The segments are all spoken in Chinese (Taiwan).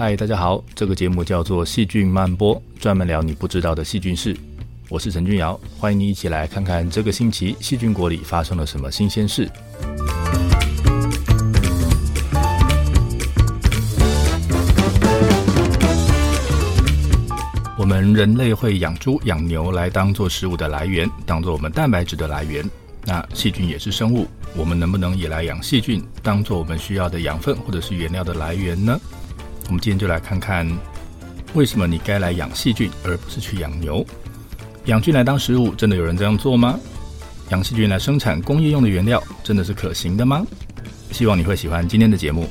嗨，Hi, 大家好，這個節目叫做《細菌曼波》，專門聊你不知道的細菌事。我是陳俊堯，歡迎你一起來看看這個星期細菌國裡發生了什麼新鮮事。 我們人類會養豬、養牛來當做食物的來源，當做我們蛋白質的來源。那細菌也是生物，我們能不能也來養細菌，當做我們需要的養分或者是原料的來源呢？我們今天就來看看，為什麼你該來養細菌，而不是去養牛？養菌來當食物，真的有人這樣做嗎？養細菌來生產工業用的原料，真的是可行的嗎？希望你會喜歡今天的節目。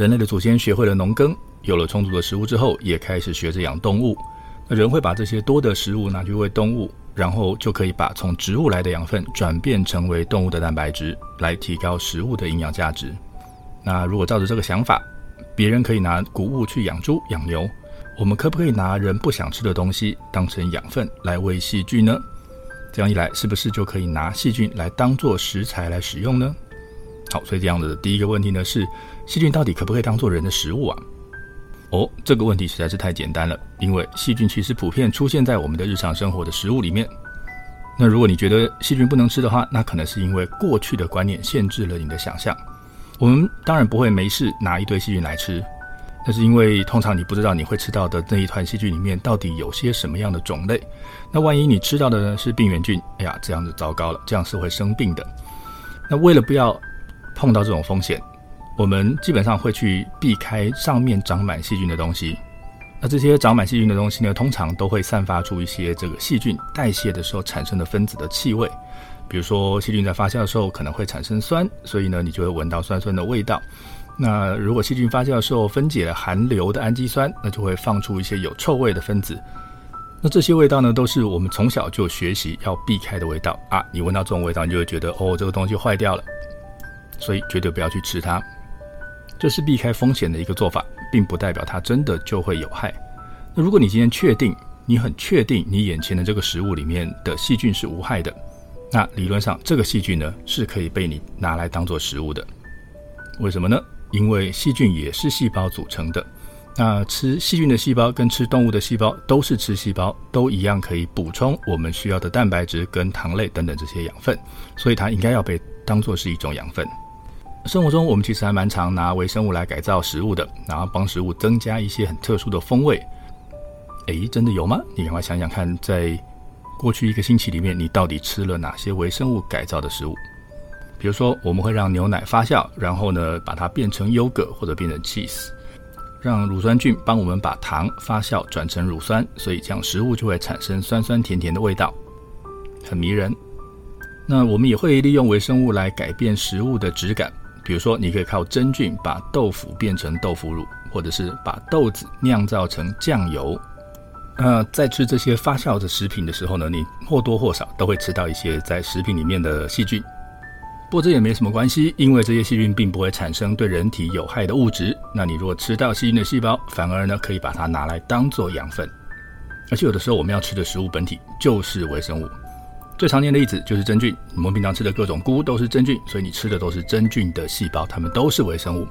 人類的祖先學會了農耕，有了充足的食物之後，也開始學着養動物。那人會把這些多的食物拿去餵動物，然後就可以把從植物來的養分轉變成為動物的蛋白質，來提高食物的營養價值。那如果照着這個想法，別人可以拿穀物去養豬、養牛，我們可不可以拿人不想吃的東西當成養分來餵細菌呢？這樣一來，是不是就可以拿細菌來當作食材來使用呢？好，所以這樣子的第一個問題呢是。細菌到底可不可以當做人的食物啊？哦，這個問題實在是太簡單了，因為細菌其實普遍出現在我們的日常生活的食物裡面。那如果你覺得細菌不能吃的話，那可能是因為過去的觀念限制了你的想象。我們當然不會沒事拿一堆細菌來吃，那是因為通常你不知道你會吃到的那一團細菌裡面到底有些什麼樣的種類。那萬一你吃到的是病原菌，哎呀，這樣子糟糕了，這樣是會生病的。那為了不要碰到這種風險。我們基本上會去避開上面長滿細菌的東西。那這些長滿細菌的東西呢，通常都會散發出一些這個細菌代謝的時候產生的分子的氣味。比如說細菌在發酵的時候可能會產生酸，所以呢你就會聞到酸酸的味道。那如果細菌發酵的時候分解了含硫的氨基酸，那就會放出一些有臭味的分子。那這些味道呢，都是我們從小就學習要避開的味道啊！你聞到這種味道，你就會覺得哦，這個東西壞掉了，所以絕對不要去吃它。這是避開風險的一個做法，並不代表它真的就會有害。那如果你今天確定，你很確定你眼前的這個食物裡面的細菌是無害的，那理論上這個細菌呢是可以被你拿來當做食物的。為什麼呢？因為細菌也是細胞組成的。那吃細菌的細胞跟吃動物的細胞都是吃細胞，都一樣可以補充我們需要的蛋白質跟糖類等等這些養分，所以它應該要被當做是一種養分。生活中，我們其實還蠻常拿微生物來改造食物的，然後幫食物增加一些很特殊的風味。誒，真的有嗎？你趕快想想看，在過去一個星期裡面，你到底吃了哪些微生物改造的食物？比如說，我們會讓牛奶發酵，然後呢，把它變成優格或者變成 cheese 讓，乳酸菌幫我們把糖發酵轉成乳酸，所以這樣食物就會產生酸酸甜甜的味道，很迷人。那我們也會利用微生物來改變食物的質感。比如說，你可以靠真菌把豆腐變成豆腐乳，或者是把豆子釀造成醬油。那在吃這些發酵的食品的時候呢，你或多或少都會吃到一些在食品裡面的細菌。不過這也沒什麼關係，因為這些細菌並不會產生對人體有害的物質。那你如果吃到細菌的細胞，反而呢可以把它拿來當做養分。而且有的時候我們要吃的食物本體就是微生物。最常見的例子就是真菌，我們平常吃的各種菇都是真菌，所以你吃的都是真菌的細胞，它們都是微生物。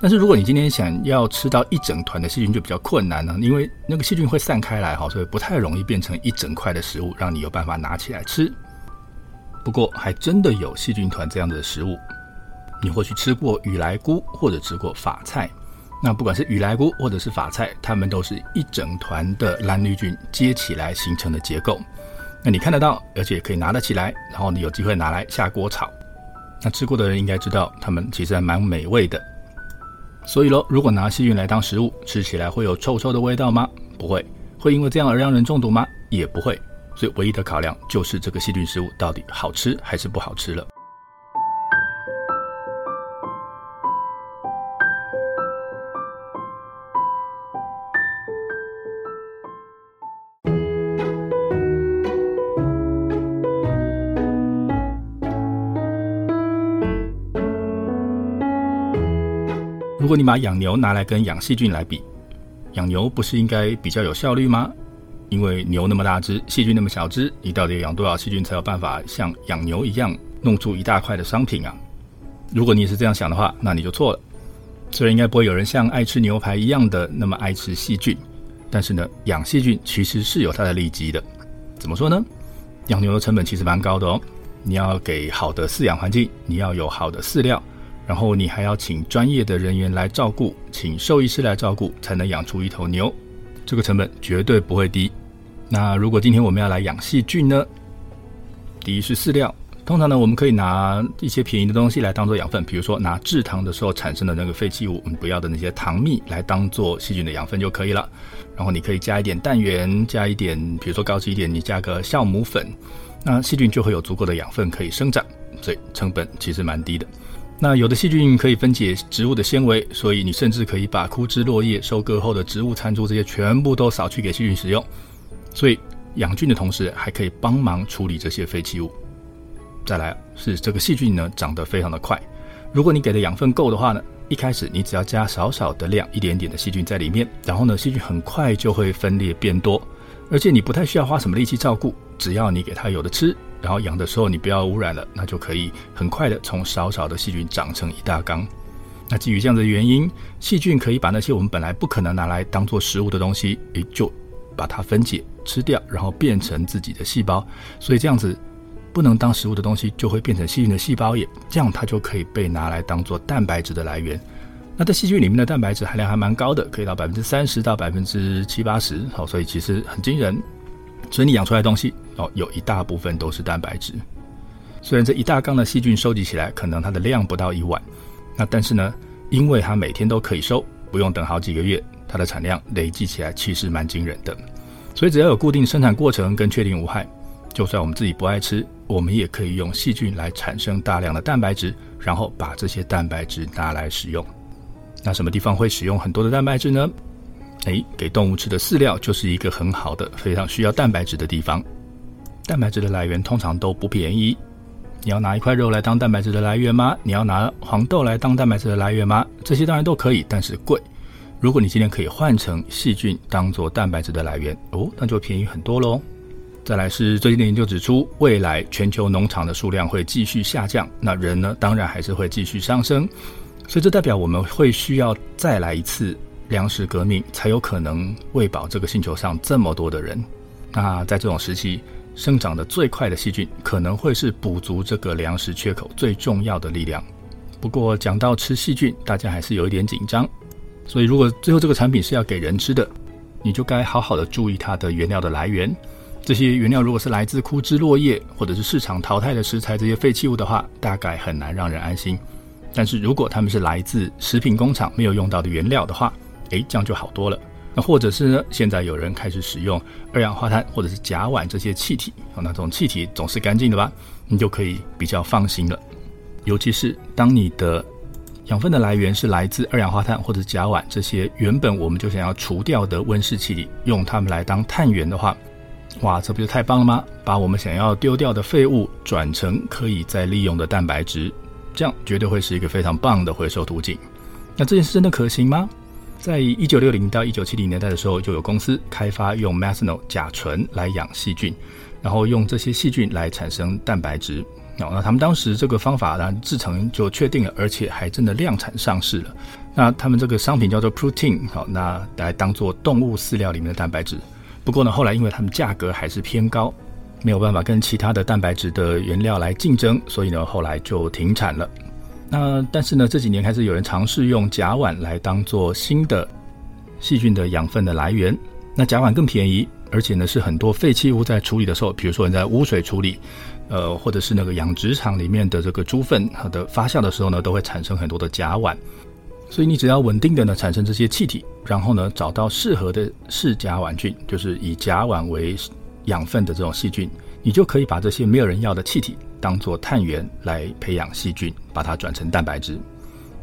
但是如果你今天想要吃到一整團的細菌就比較困難了啊，因為那個細菌會散開來哈，所以不太容易變成一整塊的食物，讓你有辦法拿起來吃。不過還真的有細菌團這樣的食物，你或許吃過雨來菇或者吃過髮菜，那不管是雨來菇或者是髮菜，它們都是一整團的藍綠菌接起來形成的結構。那你看得到，而且可以拿得起來，然後你有機會拿來下鍋炒。那吃過的人應該知道，它們其實還蠻美味的。所以嘍，如果拿細菌來當食物，吃起來會有臭臭的味道嗎？不會。會因為這樣而讓人中毒嗎？也不會。所以唯一的考量就是這個細菌食物到底好吃還是不好吃了。如果你把養牛拿來跟養細菌來比，養牛不是應該比較有效率嗎？因為牛那麼大隻，細菌那麼小隻，你到底養多少細菌才有辦法像養牛一樣弄出一大塊的商品啊？如果你也是這樣想的話，那你就錯了。雖然應該不會有人像愛吃牛排一樣的那麼愛吃細菌，但是呢，養細菌其實是有它的利基的。怎麼說呢？養牛的成本其實蠻高的哦，你要給好的飼養環境，你要有好的飼料。然後你還要請專業的人員來照顧，請獸醫師來照顧，才能養出一頭牛，這個成本絕對不會低。那如果今天我們要來養細菌呢？第一是飼料，通常呢我們可以拿一些便宜的東西來當做養分，比如說拿制糖的時候產生的那個廢棄物，我們不要的那些糖蜜來當做細菌的養分就可以了。然後你可以加一點氮源，加一點，比如說高級一點，你加個酵母粉，那細菌就會有足夠的養分可以生長，所以成本其實蠻低的。那有的細菌可以分解植物的纖維，所以你甚至可以把枯枝落葉、收割後的植物殘株，這些全部都掃去給細菌使用。所以養菌的同時，還可以幫忙處理這些廢棄物。再來是這個細菌呢，長得非常的快。如果你給的養分夠的話呢，一開始你只要加少少的量，一點點的細菌在裡面，然後呢，細菌很快就會分裂變多，而且你不太需要花什麼力氣照顧，只要你給它有的吃。然後養的時候，你不要污染了，那就可以很快的從少少的細菌長成一大缸。那基於這樣子的原因，細菌可以把那些我們本來不可能拿來當做食物的東西，誒，就把它分解吃掉，然後變成自己的細胞。所以這樣子，不能當食物的東西就會變成細菌的細胞液，這樣它就可以被拿來當做蛋白質的來源。那在細菌裡面的蛋白質含量還蠻高的，可以到百分之三十到百分之七八十，好、哦，所以其實很驚人。所以你養出來的東西哦，有一大部分都是蛋白質。雖然這一大缸的細菌收集起來，可能它的量不到一碗，那但是呢，因為它每天都可以收，不用等好幾個月，它的產量累積起來其實蠻驚人的。所以只要有固定生產過程跟確定無害，就算我們自己不愛吃，我們也可以用細菌來產生大量的蛋白質，然後把這些蛋白質拿來使用。那什麼地方會使用很多的蛋白質呢？哎，給動物吃的飼料就是一個很好的、非常需要蛋白質的地方。蛋白質的來源通常都不便宜。你要拿一塊肉來當蛋白質的來源嗎？你要拿黃豆來當蛋白質的來源嗎？這些當然都可以，但是貴。如果你今天可以換成細菌當做蛋白質的來源，哦，那就便宜很多嘍。再來是最近的研究指出，未來全球農場的數量會繼續下降，那人呢，當然還是會繼續上升。所以這代表我們會需要再來一次。糧食革命，才有可能餵飽這個星球上這麼多的人。那在這種時期，生長得最快的細菌可能會是補足這個糧食缺口最重要的力量。不過，講到吃細菌，大家還是有一點緊張。所以，如果最後這個產品是要給人吃的，你就該好好的注意它的原料的來源。這些原料如果是來自枯枝落葉或者是市場淘汰的食材，這些廢棄物的話，大概很難讓人安心。但是如果它們是來自食品工廠沒有用到的原料的話，誒，這樣就好多了。那或者是呢？現在有人開始使用二氧化碳或者是甲烷這些氣體，啊，那種氣體總是乾淨的吧？你就可以比較放心了。尤其是當你的養分的來源是來自二氧化碳或者甲烷這些原本我們就想要除掉的溫室氣體，用它們來當碳源的話，哇，這不就太棒了嗎？把我們想要丟掉的廢物轉成可以再利用的蛋白質，這樣絕對會是一個非常棒的回收途徑。那這件事真的可行嗎？在一九六零到一九七零年代的時候，就有公司開發用 methanol 甲醇來養細菌，然後用這些細菌來產生蛋白質，哦。那他們當時這個方法呢，製程就確定了，而且還真的量產上市了。那他們這個商品叫做 protein，好，哦，那來當做動物飼料裡面的蛋白質。不過呢，後來因為他們價格還是偏高，沒有辦法跟其他的蛋白質的原料來競爭，所以呢，後來就停產了。那但是呢，這幾年開始有人嘗試用甲烷來當做新的細菌的養分的來源。那甲烷更便宜，而且呢是很多廢棄物在處理的時候，比如說你在污水處理，呃，或者是那個養殖場裡面的這個豬糞它的發酵的時候呢，都會產生很多的甲烷。所以你只要穩定的呢產生這些氣體，然後呢找到適合的嗜甲烷菌，就是以甲烷為養分的這種細菌，你就可以把這些沒有人要的氣體。當做碳源來培養細菌，把它轉成蛋白質。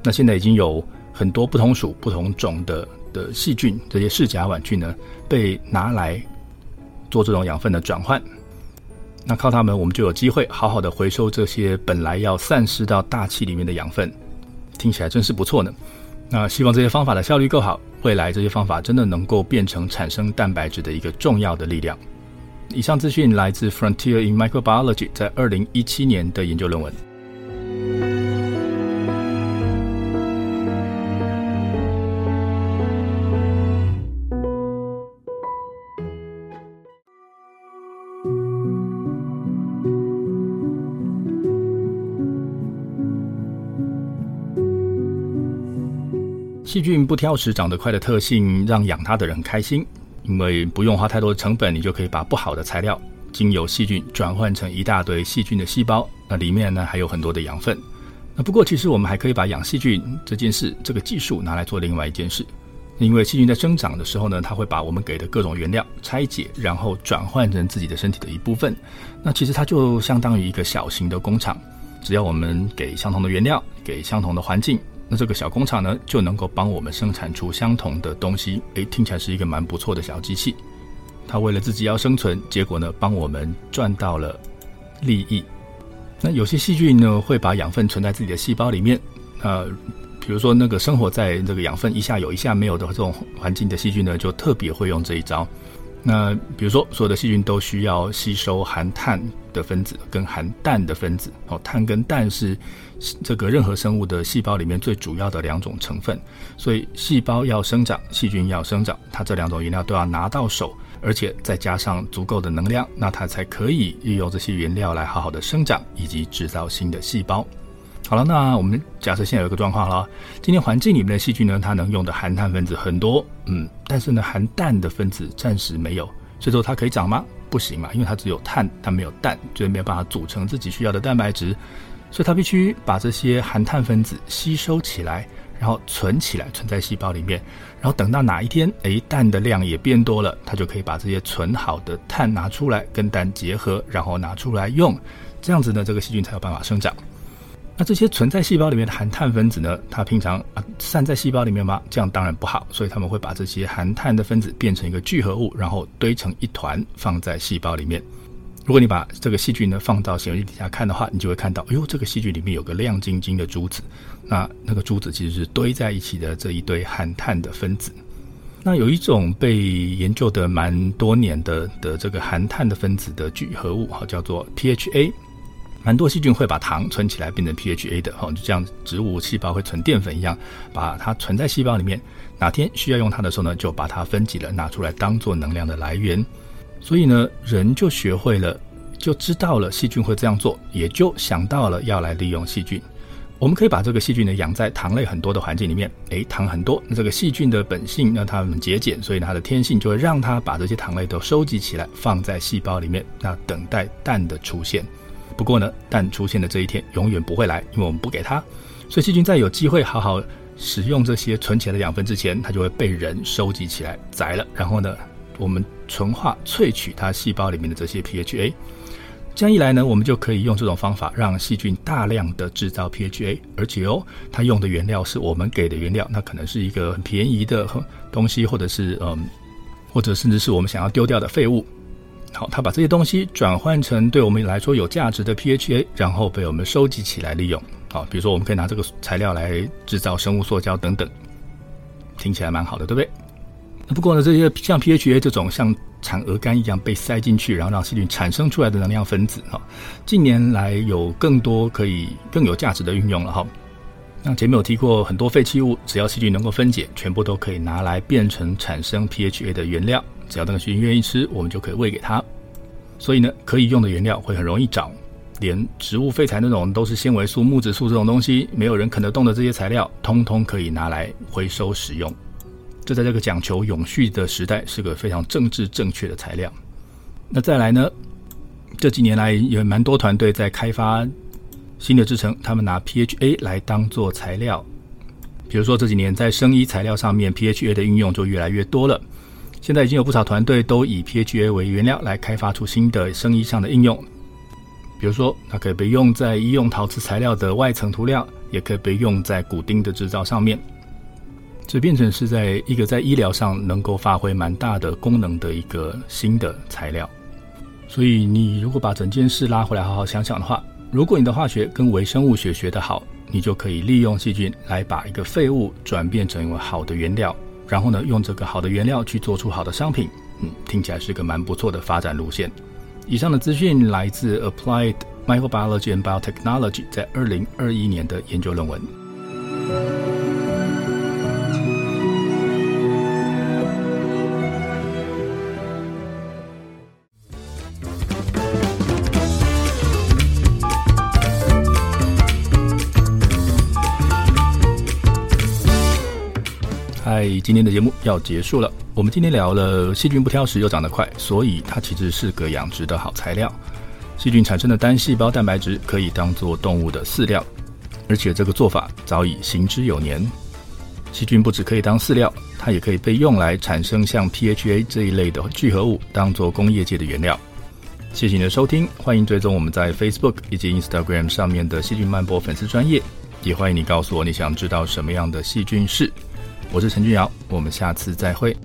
那現在已經有很多不同屬、不同種的的細菌，這些嗜甲烷菌呢，被拿來做這種養分的轉換。那靠它們，我們就有機會好好的回收這些本來要散失到大氣裡面的養分。聽起來真是不錯呢。那希望這些方法的效率夠好，未來這些方法真的能夠變成產生蛋白質的一個重要的力量。以上資訊來自《Frontier in Microbiology》在二零一七年的研究論文。細菌不挑食、長得快的特性，讓養它的人開心。因為不用花太多的成本，你就可以把不好的材料經由細菌轉換成一大堆細菌的細胞。那裡面呢，還有很多的養分。那不過其實我們還可以把養細菌這件事，這個技術拿來做另外一件事。因為細菌在生長的時候呢，它會把我們給的各種原料拆解，然後轉換成自己的身體的一部分。那其實它就相當於一個小型的工廠。只要我們給相同的原料，給相同的環境。那這個小工廠呢，就能夠幫我們生產出相同的東西。誒，聽起來是一個蠻不錯的小機器。它為了自己要生存，結果呢，幫我們賺到了利益。那有些細菌呢，會把養分存在自己的細胞裡面。呃，比如說那個生活在這個養分一下有一下沒有的這種環境的細菌呢，就特別會用這一招。那比如說，所有的細菌都需要吸收含碳的分子跟含氮的分子。哦，碳跟氮是這個任何生物的細胞裡面最主要的兩種成分。所以，細胞要生長，細菌要生長，它這兩種原料都要拿到手，而且再加上足夠的能量，那它才可以利用這些原料來好好的生長以及製造新的細胞。好了，那我們假設現在有一個狀況了，今天環境裡面的細菌呢，它能用的含碳分子很多，嗯，但是呢，含氮的分子暫時沒有，所以說它可以長嗎？不行嘛，因為它只有碳，它沒有氮，就是沒有辦法組成自己需要的蛋白質，所以它必須把這些含碳分子吸收起來，然後存起來，存在細胞裡面，然後等到哪一天，誒，氮的量也變多了，它就可以把這些存好的碳拿出來跟氮結合，然後拿出來用，這樣子呢，這個細菌才有辦法生長。那這些存在細胞裡面的含碳分子呢？它平常啊散在細胞裡面嗎？這樣當然不好，所以他們會把這些含碳的分子變成一個聚合物，然後堆成一團放在細胞裡面。如果你把這個細菌呢放到顯微鏡底下看的話，你就會看到，哎呦，這個細菌裡面有個亮晶晶的珠子，那那個珠子其實是堆在一起的這一堆含碳的分子。那有一種被研究得蠻多年的的這個含碳的分子的聚合物，哈，叫做 PHA。很多細菌會把糖存起來變成 PHA 的，吼，就像，植物細胞會存澱粉一樣，把它存在細胞裡面。哪天需要用它的時候呢，就把它分解了，拿出來當做能量的來源。所以呢，人就學會了，就知道了細菌會這樣做，也就想到了要來利用細菌。我們可以把這個細菌呢養在糖類很多的環境裡面，誒，糖很多，那這個細菌的本性，讓它們節儉，所以它的天性就會讓它把這些糖類都收集起來，放在細胞裡面，那等待氮的出現。不過呢，但出現的這一天永遠不會來，因為我們不給它，所以細菌在有機會好好使用這些存起來的養分之前，它就會被人收集起來宰了。然後呢，我們純化萃取它細胞裡面的這些 PHA。這樣一來呢，我們就可以用這種方法讓細菌大量的製造 PHA。而且哦，它用的原料是我們給的原料，那可能是一個很便宜的東西，或者是嗯，或者甚至是我們想要丟掉的廢物。好，他把這些東西轉換成對我們來說有價值的 PHA，然後被我們收集起來利用。好，比如說我們可以拿這個材料來制造生物塑膠等等，聽起來蠻好的，對不對？那不過呢，這些像 PHA 這種像產鵝肝一樣被塞進去，然後讓細菌產生出來的能量分子，哈、哦，近年來有更多可以更有價值的運用了哈、哦。那前面有提過，很多廢棄物只要細菌能夠分解，全部都可以拿來變成產生 PHA 的原料。只要那個菌願意吃，我們就可以餵給它。所以呢，可以用的原料會很容易找，連植物廢材那種都是纖維素、木質素這種東西，沒有人啃得動的這些材料，通通可以拿來回收使用。這在這個講求永續的時代，是個非常政治正確的材料。那再來呢？這幾年來也蠻多團隊在開發新的製程，他們拿 PHA 來當做材料。比如說這幾年在生醫材料上面，PHA 的應用就越來越多了。現在已經有不少團隊都以 PHA 為原料來開發出新的生意上的應用，比如說，它可以被用在醫用陶瓷材料的外層塗料，也可以被用在骨釘的製造上面，這變成是在一個在醫療上能夠發揮蠻大的功能的一個新的材料。所以，你如果把整件事拉回來好好想想的話，如果你的化學跟微生物學學得好，你就可以利用細菌來把一個廢物轉變成為好的原料。然後呢，用這個好的原料去做出好的商品，嗯，聽起來是個蠻不錯的發展路線。以上的資訊來自 Applied Microbiology and Biotechnology 在二零二一年的研究論文。所以今天的節目要結束了。我們今天聊了細菌不挑食，又長得快，所以它其實是個養殖的好材料。細菌產生的單細胞蛋白質可以當做動物的飼料，而且這個做法早已行之有年。細菌不止可以當飼料，它也可以被用來產生像 PHA 這一類的聚合物，當做工業界的原料。謝謝你的收聽，歡迎追蹤我們在 Facebook 以及 Instagram 上面的細菌曼波粉絲專頁，也歡迎你告訴我你想知道什麼樣的細菌是。我是陳俊瑤，我們下次再會。